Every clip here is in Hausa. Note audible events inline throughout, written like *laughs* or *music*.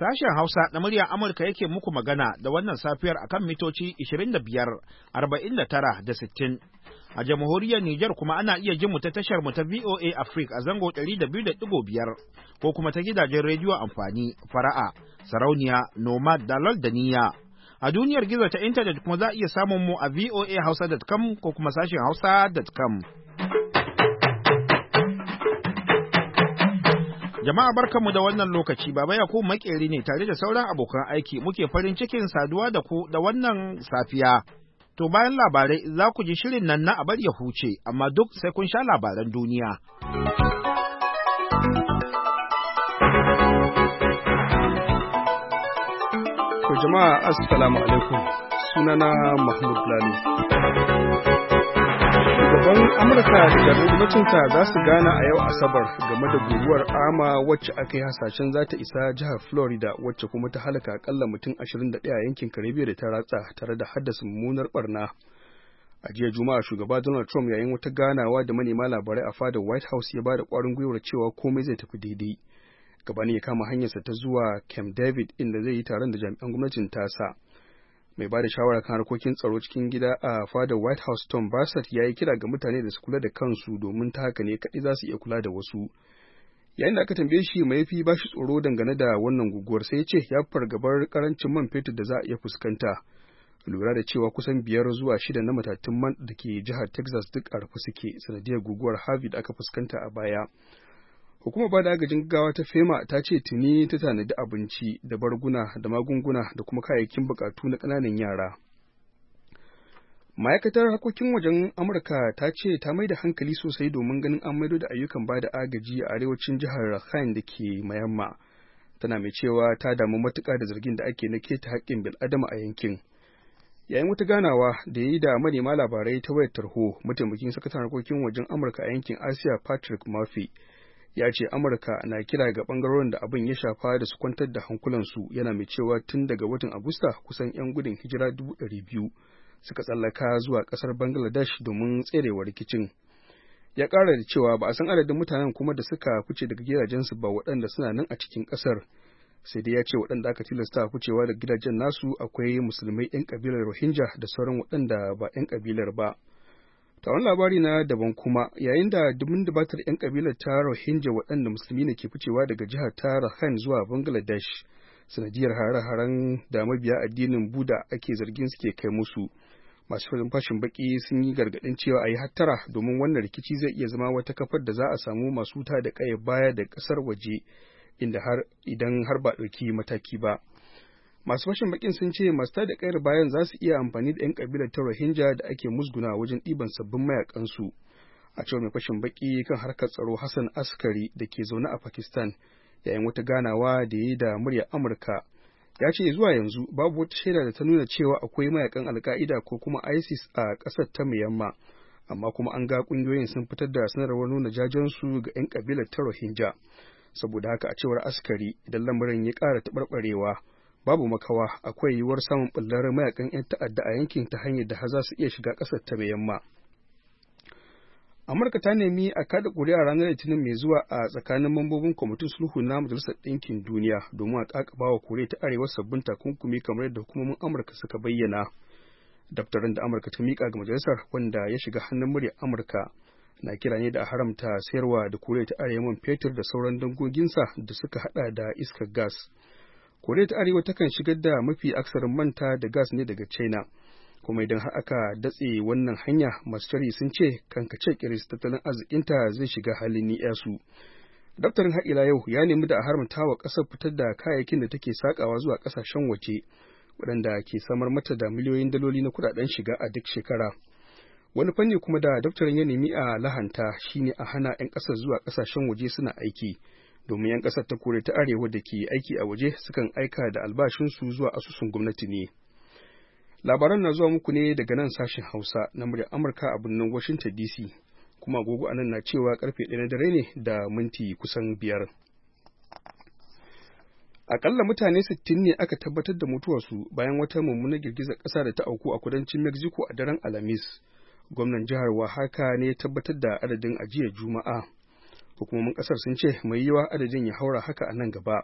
Sashen Hausa na murya Amurka yake muku magana da wannan safiyar a kan mitoci 25, da 60. A jamhuriyar Nijar kuma ana iya jin mu ta tashar mu ta VOA Africa a zango 200.5 ko kuma ta gidajen rediyo amfani fara'a, sarauniya, nomad da da niyya. A duniyar gizo ta intanet kuma za a iya samun mu a VOA voahausa.com ko kuma sashen hausa.com. Jama'a barkanmu da wannan lokaci Baba Yakubu makeri ne tare da sauran abokan aiki muke farin cikin saduwa da ku da wannan safiya. To bayan labarai za ku ji shirin nan na abar ya huce amma duk sai kun sha labaran duniya. To jama'a assalamu alaikum sunana Mahmud Lalo. shugaban amurka da gwamnatinsa za su gana a yau asabar game da guguwar ama wacce aka yi hasashen za ta isa jihar florida wacce kuma ta halaka akalla mutum 21 a yankin caribbean da ta ratsa tare da haddasa mummunar barna a jiya juma'a shugaba donald trump yayin wata ganawa da manema labarai a fadar white house ya ba da kwarin gwiwar cewa komai zai tafi daidai ne ya kama hanyarsa ta zuwa camp david inda zai yi taron da jami'an gwamnatin tasa mai ba da shawara kan harkokin tsaro cikin gida a fadar white house tom bassett ya yi kira ga mutane da su kula da kansu domin ta haka ne kaɗai za su iya kula da wasu yayin da aka tambaye shi ma mai fi shi tsoro dangane da wannan guguwar sai ya ce ya fargabar karancin man fetur da za a iya fuskanta lura da cewa kusan biyar zuwa shida na matattun man da ke jihar texas duk a rufe suke sanadiyar guguwar harvey da aka fuskanta a baya Hukumar bada agajin gaggawa ta FEMA ta ce tuni ta tanadi abinci da barguna da magunguna da kuma kayayyakin bukatu na ƙananan yara. Ma'aikatar harkokin wajen Amurka ta ce ta mai da hankali sosai domin ganin an maido da ayyukan ba da agaji a arewacin jihar Rakhine da ke Mayamma. Tana mai cewa ta damu matuka da zargin da ake na keta haƙƙin bil'adama a yankin. yayin wata ganawa da ya yi da manema labarai ta wayar tarho mataimakin sakataren harkokin wajen amurka a yankin asiya patrick murphy ya ce amurka na kira ga bangarorin da abin ya shafa da su kwantar da hankulansu yana mai cewa tun daga watan agusta kusan 'yan gudun hijira biyu, suka tsallaka zuwa kasar bangladesh domin tserewa rikicin ya kara da cewa ba a san adadin mutanen kuma da suka fice daga gidajensu ba waɗanda suna nan a cikin ƙasar sai dai ya ce waɗanda aka tilasta ficewa daga gidajen nasu akwai musulmai 'yan kabilar rohingya da sauran waɗanda ba 'yan kabilar ba. ta labari na daban kuma yayin da da dubatar 'yan kabilar ta rohingya waɗanda musulmi ne ke ficewa daga jihar ta rakhine zuwa bangladesh sanadiyar hare-haren da mabiya addinin buda ake zargin suke kai musu masu farin fashin baki sun yi gargaɗin cewa a yi hattara domin wannan rikici zai iya zama wata kafar da za a samu masu wuta da ƙaya baya da ƙasar waje inda har idan har ba ɗauki mataki ba masu fashin bakin sun ce masu tada kayar bayan za su iya amfani da 'yan kabilar ta rohingya da ake musguna wajen ɗiban sabbin mayakansu a cewa mai fashin baki kan harkar tsaro hassan askari da ke zaune a pakistan yayin wata ganawa da ya yi da muryar amurka ya ce zuwa yanzu babu wata shaida da ta nuna cewa akwai mayakan alka'ida ko kuma isis a ƙasar ta miyamma amma kuma an ga ƙungiyoyin sun fitar da sanarwar nuna jajensu ga 'yan kabilar ta rohingya saboda haka a cewar askari idan lamarin ya ƙara taɓarɓarewa babu makawa akwai yiwuwar samun ɓullar mayakan 'yan ta'adda a yankin ta hanyar da za su iya shiga kasar ta yamma. amurka ta nemi a kada ƙuri'a ranar litinin mai zuwa a tsakanin mambobin kwamitin sulhu na majalisar ɗinkin duniya domin a ƙaƙaba wa koriya ta arewa sabbin takunkumi kamar yadda hukumomin amurka suka bayyana daftarin da amurka ta miƙa ga majalisar wanda ya shiga hannun murya amurka na kira ne da a haramta sayarwa da kuri ta arewa man fetur da sauran dangoginsa da suka haɗa da iskar gas koriya ta arewa takan shigar da mafi aksarin manta da gas ne daga china kuma idan har aka datse wannan hanya masu shari sun ce kankace kiris tattalin arzikinta zai shiga halin yasu daftarin haƙila yau ya nemi da a haramta wa ƙasar fitar da kayayyakin da take sakawa zuwa ƙasashen waje waɗanda ke samar mata da miliyoyin daloli na kuɗaɗen shiga a duk shekara wani fanni kuma da daftarin ya nemi a lahanta shine a hana 'yan ƙasar zuwa ƙasashen waje suna aiki domin 'yan ƙasar ta kore ta arewa da ke aiki a waje sukan aika da albashinsu zuwa asusun gwamnati ne labaran na zuwa muku ne daga nan sashen hausa na muryar amurka a birnin washington dc kuma agogo a nan na cewa karfe ɗaya na dare ne da minti kusan biyar akalla mutane sittin ne aka tabbatar da mutuwarsu bayan wata mummunar girgizar ƙasa da ta auku a kudancin mexico a daren alhamis gwamnan jihar oaxaca ne ya tabbatar da adadin ajiyar juma'a hukumomin kasar sun ce mai yiwa adadin ya haura haka a nan gaba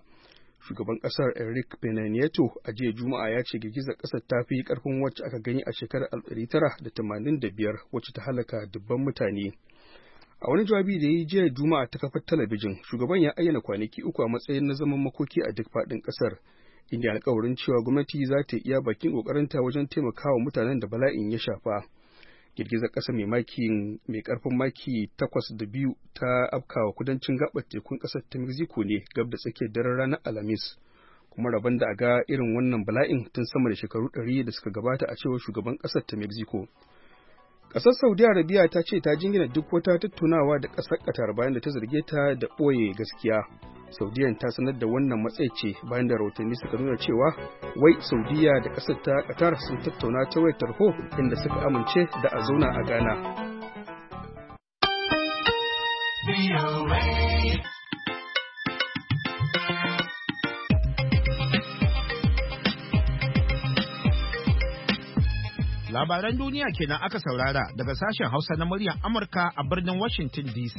shugaban kasar enric pena a jiya juma'a ya ce girgizar kasar ta fi karfin wacce aka gani a shekarar 1985 wacce ta halaka dubban mutane a wani jawabi da ya yi jiya juma'a ta kafar talabijin shugaban ya ayyana kwanaki uku a matsayin na zaman makoki a duk faɗin ƙasar inda alkawarin cewa gwamnati za ta iya bakin ƙoƙarinta wajen taimakawa mutanen da bala'in ya shafa girgizar ƙasa mai maki mai ƙarfin maki takwas da biyu ta afkawa kudancin gabar tekun ƙasar ta mexico ne gab da tsakiyar daren ranar alhamis kuma rabon da a ga irin wannan bala'in tun sama da shekaru ɗari da suka gabata a cewar shugaban ƙasar ta mexico Ƙasar Saudi Arabia ta ce ta jingina duk wata tattaunawa da ƙasar Qatar bayan da ta zarge ta da ɓoye gaskiya. Saudiyan ta sanar da wannan matsayi ce bayan da rahotanni suka nuna cewa wai Saudiya da ƙasar ta Qatar sun tattauna ta wayar tarho inda suka amince da a zauna a Ghana. Labaran duniya kenan aka saurara daga sashen Hausa na muryar Amurka a birnin Washington DC.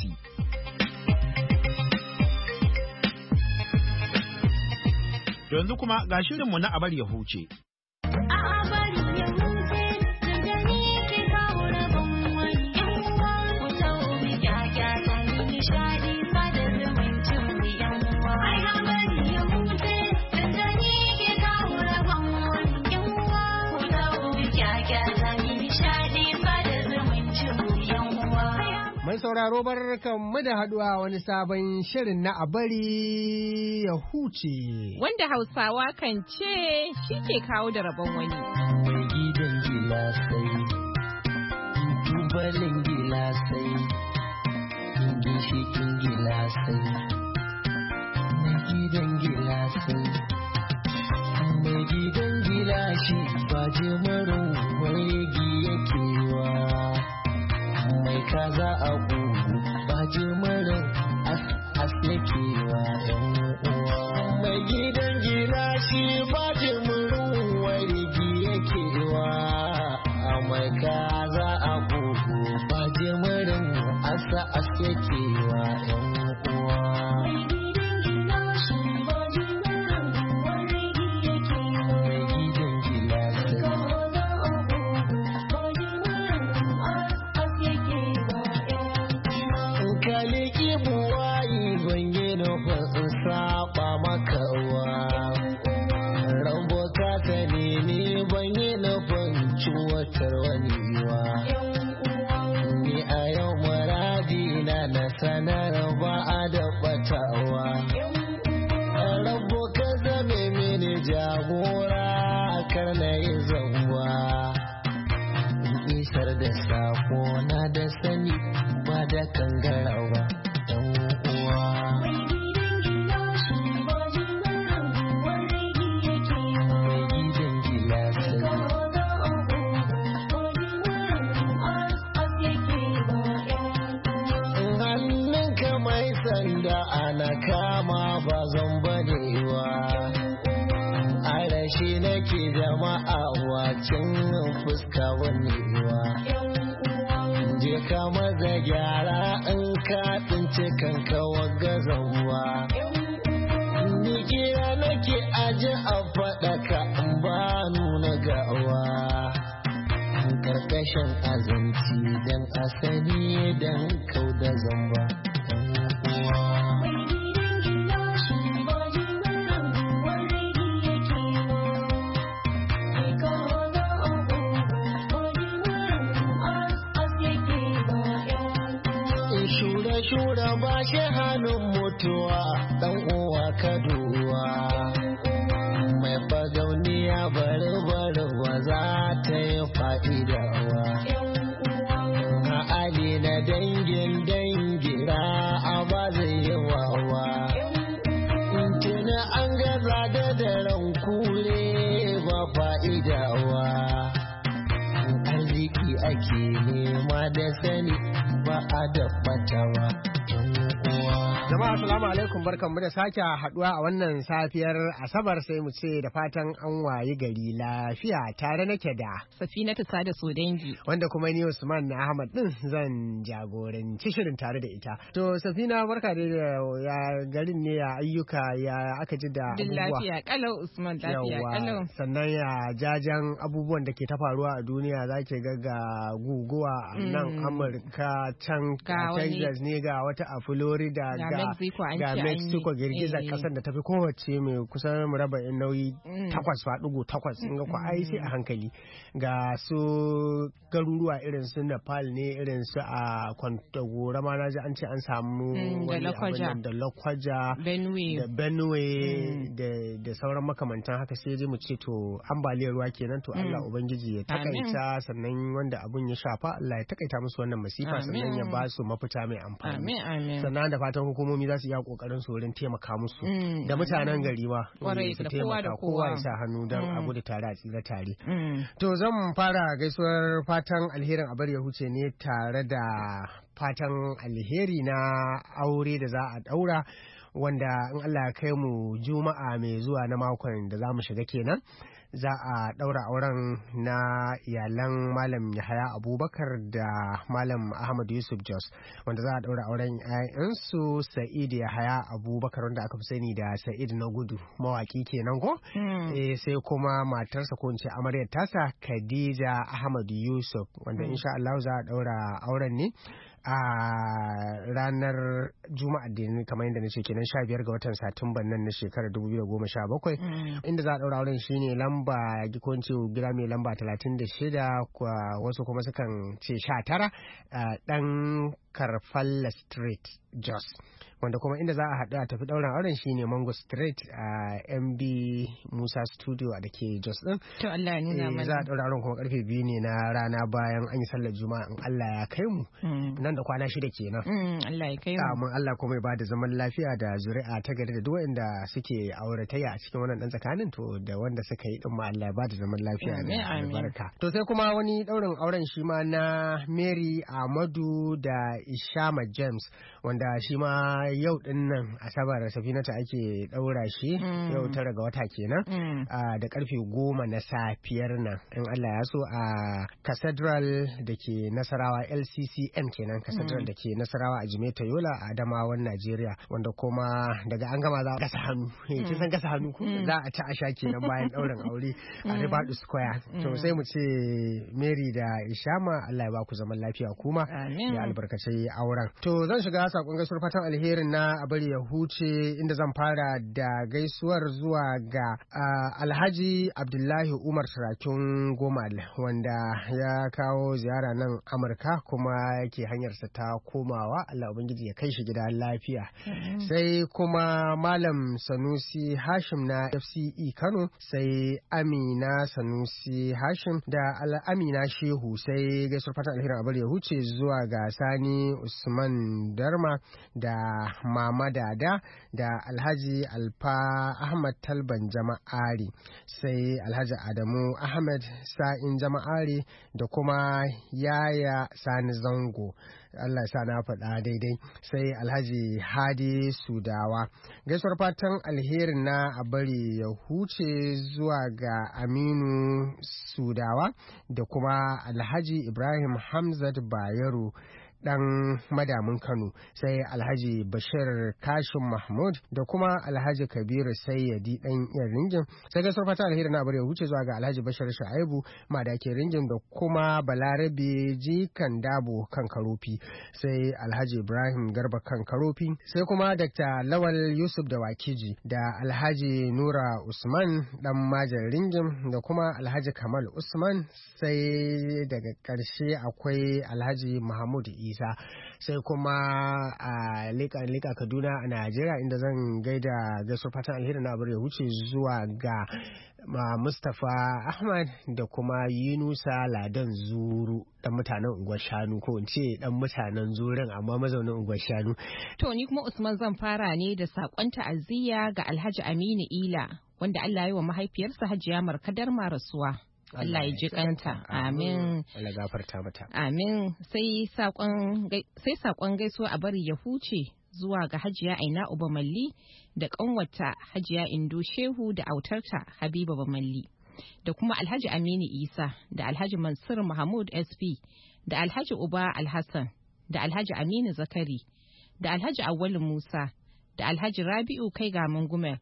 Yanzu kuma ga shirinmu na abar ya huce. Abar Mai sauraro barkanmu da haduwa wani sabon shirin na abari ya huce. Wanda Hausawa kan ce shi ke kawo da rabon wani. Gidan gilasai, dubalin gilasai, kingin shi gilasai, na gidan gilasai, mai gidan gilashi ba jimarin wani yake wa. mai kaza a kugu ba jimirin as yake wa yan mai gidan gina shi ba jimirin warigi yake wa mai kaza a kugu ba jimirin as yake wa yan uwa canza fuska wani uwa je ka maza gyara in ka tsince kanka wagga zamuwa nake aji a faɗaka in ba nuna gawa karkashin azanci dan asali dan kau da zamba bari bari ba za ta yi fa'ida ba. A na dangin dangira a ba zai yi wawa. Tuna an gaza da daren kure ba fa'ida wa. Arziki ake nema da sani ba a da ba Assalamu alaikum barkanmu da sake haduwa a wannan safiyar Asabar sai mu ce da fatan an wayi gari lafiya tare nake da Safina ta sada so dangi wanda kuma ni Usman na Ahmad din zan jagoranci shirin tare da ita to Safina barka da ya garin ne ya ayyuka ya aka ji da abubuwa lafiya kalau Usman lafiya kalau sannan ya jajan abubuwan da ke ta faruwa a duniya zake ga ga guguwa nan mm. Amurka can Texas ne ga wata a Florida ga Mexico an ga Mexico girgizar kasar eh. da tafi kowace mai kusan in nauyi mm. takwas faɗugo takwas in ga ku ai sai a mm. hankali ga su garuruwa irin su Nepal ne irin su a Kwantagora ma na ji an ce an samu mm, wani da Lokwaja Benue da Benue da sauran makamantan haka sai dai mu ce to ambaliyar ruwa kenan to Allah ubangiji ya takaita sannan wanda abun ya shafa Allah ya takaita musu wannan masifa sannan ya ba su mafita mai amfani sannan da fatan hukumomi za su iya kokarin su wurin taimaka musu mm. da mutanen gari ma mm. eh, su taimaka kowa ya sa hannu don mm. a gudu tare a tsira tare to zan fara gaisuwar fatan alherin abar ya huce ne tare da fatan alheri na aure da za a daura wanda in Allah ya kai mu juma'a mai zuwa na makon da za mu shiga kenan za a ɗaura auren na iyalan malam yahaya abubakar da malam ahmad yusuf jos wanda za a ɗaura auren 'ya'yansu sa'id yahaya abubakar wanda aka fi sani da sa'id na gudu mawaki kenan ko hmm. eh, sai kuma matarsa ko ce amaryar tasa khadija ahmad yusuf wanda hmm. insha za a ɗaura auren ne a ranar juma'a da kamar yadda na ce kenan sha biyar ga watan satumban nan na shekarar dubu biyu sha bakwai mm. inda za a ɗaura wurin shine lamba ko gida mai lamba talatin da shida wasu kuma sukan ce sha tara ɗan karfalla street jos wanda kuma inda za a haɗu a tafi ɗaurin auren shi ne Mango Street a md Musa Studio a ke Jos ɗin To Allah ya nuna mana. Eh, za a ɗaura auren kuma karfe biyu ne na rana bayan an yi sallar Juma'a in Allah ya kai mu. Mm. Nan da kwana shida kenan. Mm, Allah ya kai mu. amma Allah kuma ya bada zaman lafiya da zuri'a ta gari da duk wanda suke auratayya a cikin wannan dan tsakanin to da wanda suka yi din ma Allah ya bada zaman lafiya da albarka. To sai kuma wani ɗaurin auren shi ma na Mary Amadu da Ishama James wanda shi ma yau din nan asabar safinata ake daura shi mm. yau tara ga wata kenan mm. da karfe goma na safiyar nan in Allah ya so a cathedral da ke nasarawa LCCN kenan cathedral mm. da ke nasarawa a Jimeta Yola a Adamawan Najeriya wanda kuma daga an gama za a gasa hannu eh, kin san gasa hannu za a ci a sha kenan bayan daurin aure a Ribadu Square to sai mu ce Mary da Ishama Allah ya ba ku zaman lafiya kuma ya albarkace auren to zan shiga sakon gasar fatan alheri shirin na a bari ya huce inda zan fara da gaisuwar zuwa ga alhaji abdullahi umar sarakin gomal wanda ya kawo ziyara nan amurka kuma yake hanyarsa ta komawa allah ubangiji ya kai shi gida lafiya sai kuma malam sanusi hashim na fce kano sai amina sanusi hashim da Amina shehu sai gaisuwar fatan alherin a bari ya huce zuwa ga sani usman darma da mama dada da alhaji alfa ahmad talban jama'ari sai alhaji adamu ahmad sa'in jama'ari da kuma yaya sani zango Allah sa na faɗa daidai sai alhaji hadi sudawa gaisuwar fatan alherin na a bari ya huce zuwa ga aminu sudawa da kuma alhaji ibrahim hamzat bayero ɗan madamin Kano sai Alhaji Bashir kashin Mahmud da kuma Alhaji Kabiru Sayyadi ɗan 'yan ringin sai gasar fata alheri na bari wuce zuwa ga Alhaji Bashir Shaibu Madake ringin da kuma Balarabe Jikan Dabo kan Karofi sai Alhaji Ibrahim Garba kan Karofi sai kuma Dr. Lawal Yusuf da Wakiji da Alhaji Nura Usman ɗan majin ringin da kuma Alhaji Kamal Usman sai daga ƙarshe akwai Alhaji Mahmud isa sai kuma a lika kaduna a najeriya inda zan gaida ga fatan alheri na abar ya wuce zuwa ga mustapha ahmad da kuma yunusa ladan zuru dan mutanen unguwar shanu ko in dan mutanen zurin amma mazaunin unguwar shanu to ni kuma usman zan fara ne da sakon ta'aziyya ga alhaji aminu ila wanda allah ya yi wa mahaifiyarsa hajiya markadar marasuwa. Allah ya ji kanta amin Allah gafarta mata amin sai sakon sai gaisuwa a bari ya huce zuwa ga Hajiya Aina Uba Malli da ƙanwata Hajiya Indo Shehu da autarta Habiba malli da kuma Alhaji Aminu Isa da Alhaji Mansur Mahmud SP da Alhaji Uba Alhassan da Alhaji Aminu Zakari da Alhaji Awali Musa da Alhaji Rabi'u Kai Gaman Gumel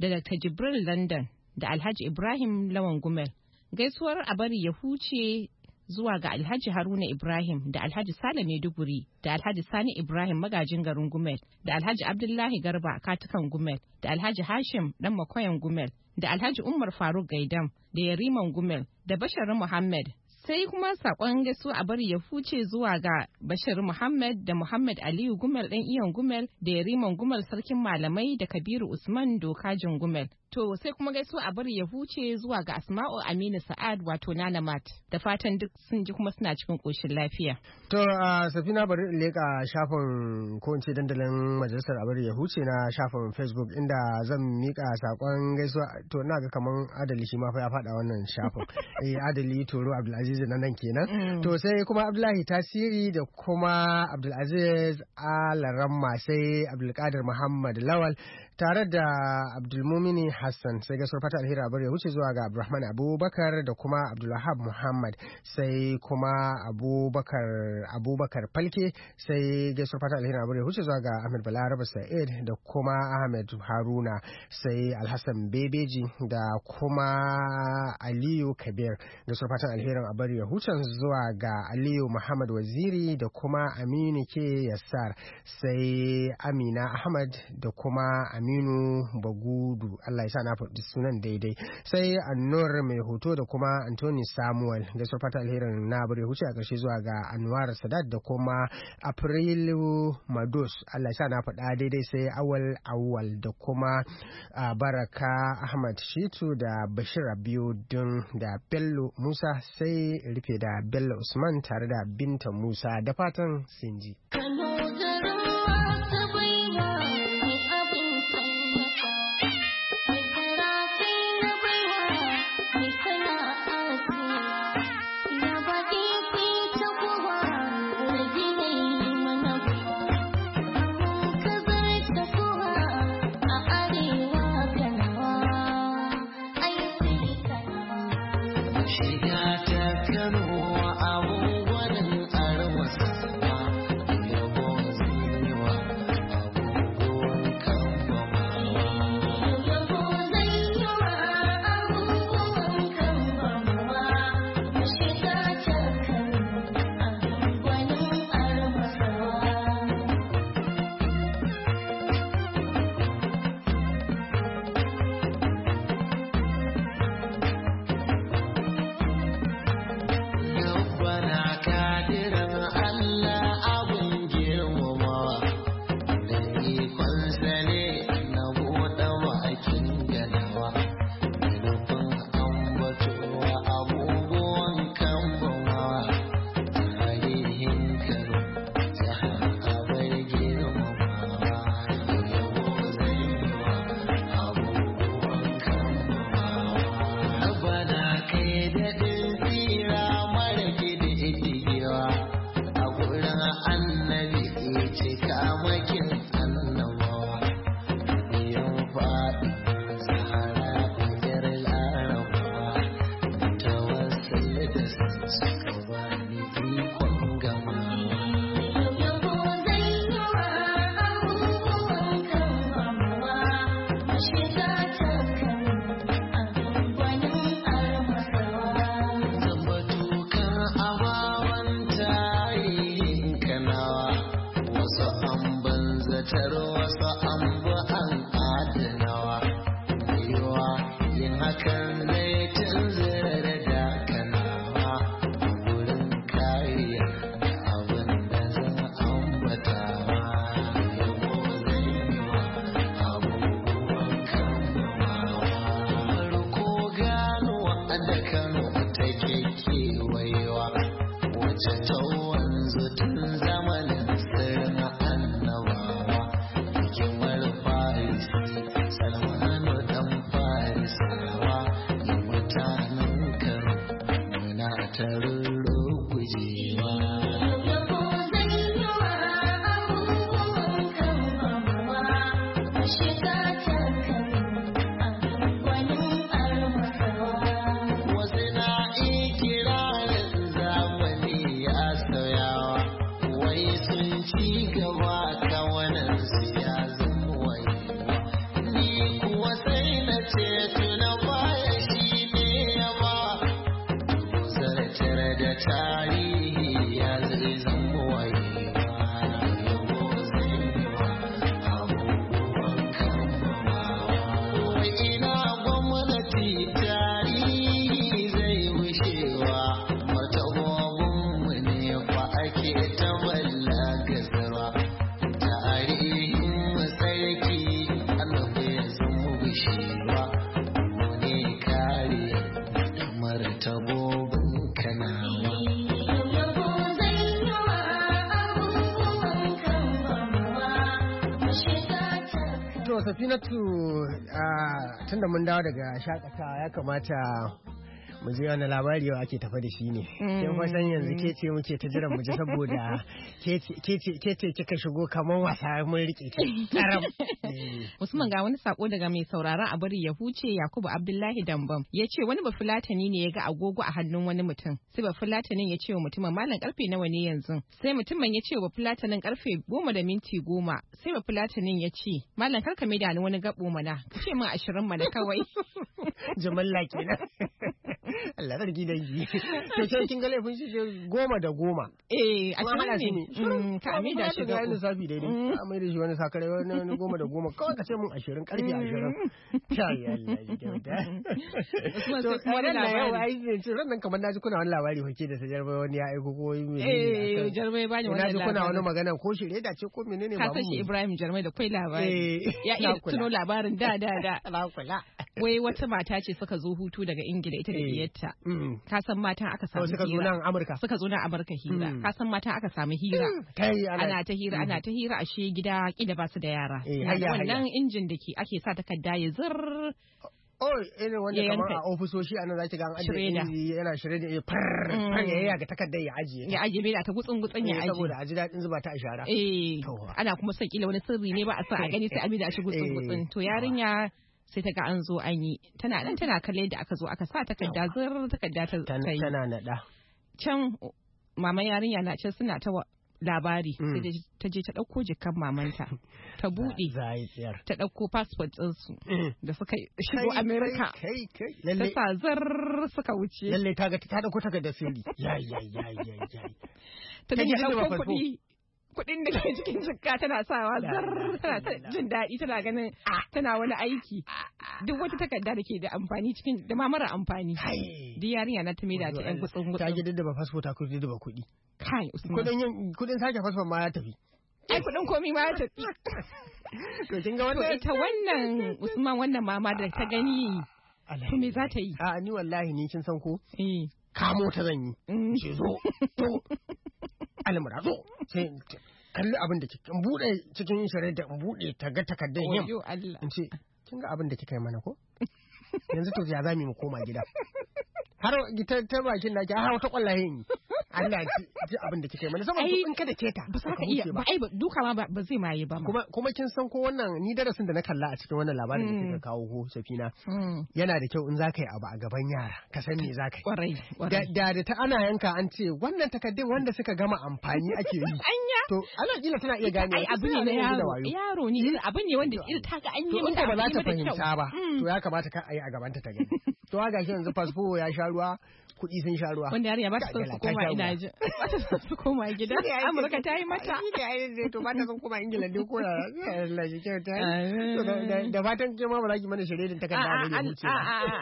da Dr. Jibril London da Alhaji Ibrahim Lawan Gumel Gaisuwar a bari ya huce zuwa ga Alhaji Haruna Ibrahim da Alhaji Sale Maiduguri da Alhaji Sani Ibrahim magajin garin Gumel da Alhaji Abdullahi Garba katukan Gumel da Alhaji Hashim dan makwayan Gumel da Alhaji Umar Faruk Gaidam da Yariman Gumel da Bashir Muhammad sai kuma sakon gaisuwa a bari ya huce zuwa ga Bashir Muhammad da Muhammad Aliyu Gumel dan iyan Gumel da Yariman Gumel sarkin malamai da Kabiru Usman doka jin Gumel To sai kuma gaisuwa a bari ya huce zuwa ga Asma'u Aminu Sa'ad wato Nana Mat da fatan duk sun ji kuma suna cikin koshin lafiya. To a Safina bari in leka shafin ko in ce dandalin majalisar a bari ya huce na shafin Facebook inda zan mika sakon gaisuwa to ina ga kaman Adali shi ma fa ya fada wannan shafin. *laughs* Eh Adali Toro Abdulaziz na nan kenan. Mm. To sai kuma Abdullahi Tasiri da kuma Abdulaziz Alaramma sai Abdulkadir Muhammad Lawal tare da Abdulmumini Hassan sai gasar fata alheri abar ya wuce zuwa ga Abdulrahman Abubakar da kuma Abdulwahab Muhammad sai kuma Abubakar Falke sai gaisuwar fata alheri abar ya wuce zuwa ga Ahmed Balaraba Sa'id da kuma Ahmed Haruna sai Alhassan Bebeji da kuma Aliyu Kabir gaskar fata alherin abar ya wuce zuwa ga Aliyu Muhammad Waziri da kuma Aminu Ke Yassar sai Amina Ahmad da kuma Aminu Bagudu Allah ya sa na faɗi sunan daidai sai Annur mai hoto da kuma Anthony Samuel da fata alherin na bari huce a ƙarshe zuwa ga Anwar Sadat da kuma April Mados Allah ya sa na faɗa daidai sai Awal Awal da kuma Baraka Ahmad Shitu da Bashir Abiyodun da Bello Musa sai rufe da Bello Usman tare da Binta Musa da fatan Sinji. safinatu ah, tun da mun dawo daga shakata ya kamata mu ji wani labari yau ake tafa da shi ne mm. kin fa san yanzu ke ce muke ta jiran mu ji saboda *laughs* ke ce kika shigo kamar wasa mun rike ta karam musamman *laughs* ga wani sako daga mai sauraron a bari ya huce Yakubu Abdullahi Dambam ya ce wani bafulatani ne ya ga agogo a hannun wani mutum sai bafulatanin ya ce wa mutumin malam karfe nawa ne yanzu sai mutumin ya ce wa bafulatanin karfe goma da minti goma sai bafulatanin ya ce malam karka mai da wani gabo mana ce min ashirin mana kawai *laughs* jumalla kenan Allah sarki dangi. To sai kin ga laifin shi goma da goma. Eh a cikin ne. Mm, ka mai da shi da ga lissafi daidai. Ka mm. mai da shi wani sakare wani goma da goma kawai ka ce mun ashirin karfe mm. ashirin. yi Allah ya kyauta. To wani labari. Ai ne ce ran nan kamar naji kuna wani labari hoke da sajar bai wani ya aiko ko yi mai. Eh jarmai ba ni wani labari. Naji kuna wani magana ko shirye da ce ko menene ba mu. Ka san shi Ibrahim jarmai da kai labari. Eh, ya iya tuno labarin da da da. Allah *laughs* kula. wai wata mata ce suka zo hutu daga ingila ita da biyarta eh. mm. ka san matan aka samu hira suka zo nan amurka suka zo nan amurka hira mm. ka san matan aka samu hira mm. ana ta hira ana ta hira ashe gida kila ba su da yara eh, wannan injin da ke ake sa takarda ya zur Oh, irin wanda kamar a ofisoshi nan zaki ga an ajiye yana shirye da far eh, far ya yaga takardar ya ajiye. Ya ajiye bai ta gutsun gutsun ya ajiye. Saboda ajiye ji daɗin zuba ta a shara. Eh. Ana kuma son kila wani sirri ne ba a sa a gani sai a bi da shi *laughs* gutsun gutsun. To yarinya sai ta ga an zo an yi tana nan tana kalle da aka zo aka sa takarda zurar takarda ta kai. tana nada can mama yarinya na can suna ta labari mm. sai ta je ta ɗauko jikan mamanta ta *laughs* buɗe ta ɗauko passport su. Mm. da suka shigo lalle ta sa zar suka wuce lalle ta ga ta dauko takarda sai ya ya ya ya ta ga dauko kuɗi kuɗin da ke cikin jikka tana sawa zar tana jin daɗi tana ganin ah. tana wani aiki duk wata takarda da ke da amfani cikin da ma mara amfani duk yarinya na ta maida ta yan gutsun gutsun ta gidi da ba fasfo ta kudi da ba kudi kai usman kudin sake fasfo ma ya tafi ai kudin komi ma ya tafi *laughs* to kin ga wannan ta wannan usman wannan mama da ta gani to me za ta yi a ni wallahi ni kin san ko eh. kamo ta zan yi ce mm. zo to almura zo sai kalli abin da kike bude cikin shirye-shirye. in bude ta ga takardun yin in ce kin ga abin da kika yi mana ko *laughs* yanzu to ya za mu koma gida har ta bakin bakin naki hawa wata kwallaye ni *laughs* Allah ji abin da kike mana saboda in kada ce ta ba sa ka iya ba ai duka ma ba zai ma yi ba kuma kuma kin san ko wannan ni darasin da na kalla a cikin wannan labarin da kika mm. kawo ko safina mm. yana da kyau in za ka yi abu a gaban yara ka san me za ka yi da da ta ana yanka an ce wannan takaddun wanda suka gama amfani ake yi *laughs* to ana kila tana iya gane ai abu ne na yaro yaro ne eh? abin ne wanda ta ga an yi wanda ba za ta fahimta ba to mm. ya kamata ka ayi a gaban ta ta gani *laughs* to ga shi yanzu fasfo ya sha ruwa kuɗi sun sha ruwa wanda yari ba ta son su koma ina ba ta gida amurka ta yi mata ni da zai to ba ta son koma ingila ko *laughs* kyauta eh. da fatan ke ma ba za ki mana shirye din takarda ba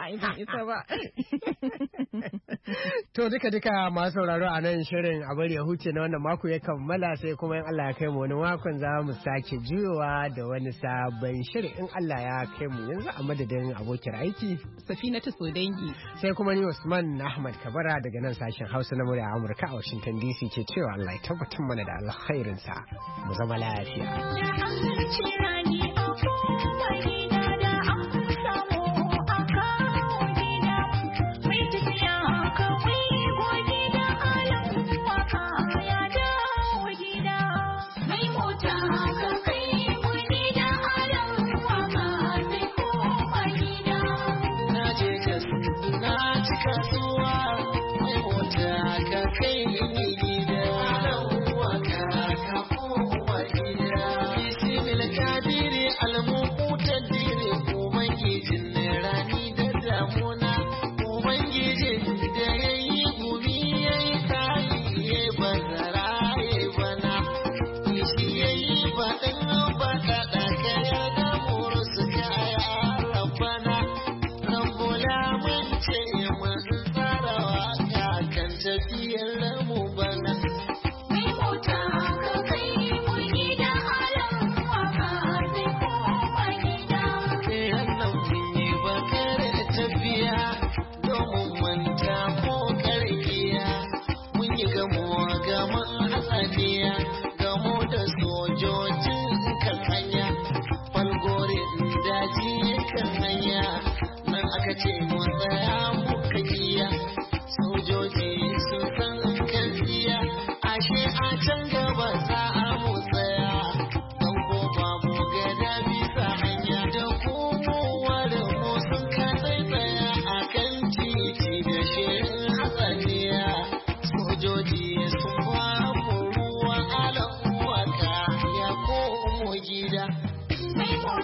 aa ba *laughs* *laughs* To duka duka masu sauraro a nan shirin a bari ya huce na wannan mako ya kammala sai kuma in Allah ya kai mu wani makon za mu sake juyowa da wani sabon shirin in Allah ya kai mu yanzu a madadin abokin aiki. Safina ta dangi. Sai kuma ni Usman Ahmad Kabara daga nan sashen Hausa na murya Amurka a Washington DC ke cewa Allah ya tabbatar mana da sa mu zama lafiya. Ya Allah ce ni a da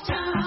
time.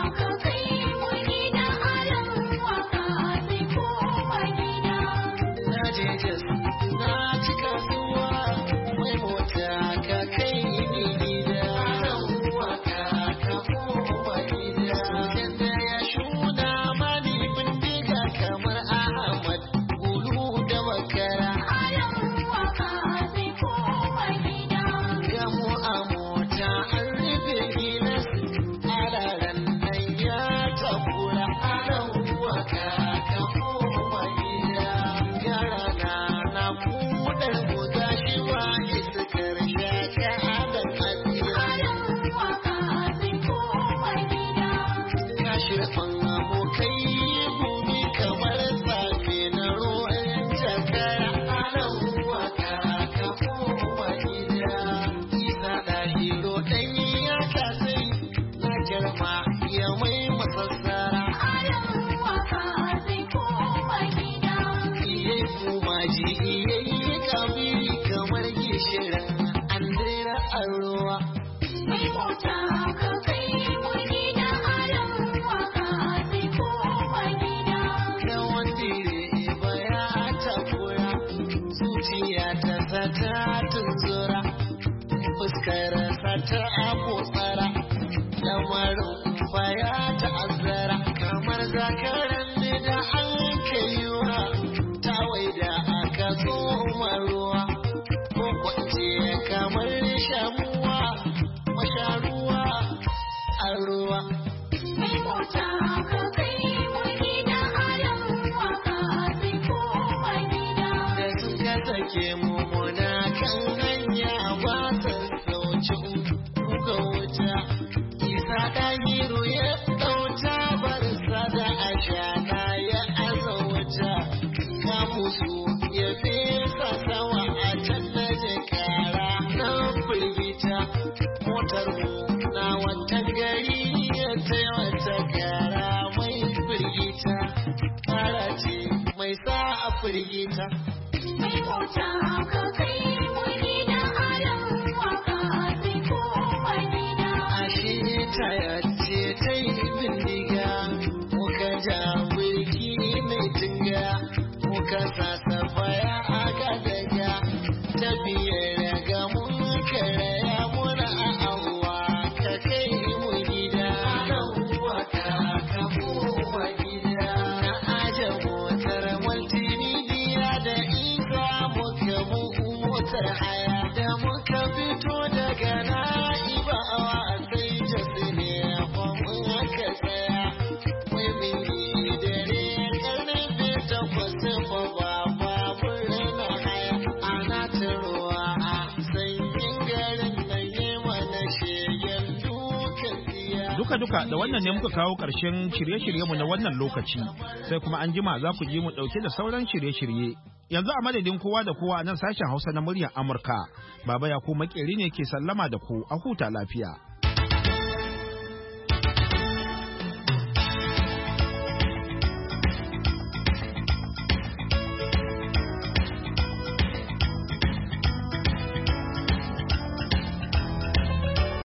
ke mummuna kan hanyar 唱歌。haka da wannan ne muka kawo ƙarshen shirye mu na wannan lokaci sai kuma an jima za ku ji mu ɗauke da sauran shirye-shirye. Yanzu a madadin kowa da kowa a nan sashen Hausa na muryar Amurka, Baba ya ku makeri ne ke sallama da ku a huta lafiya.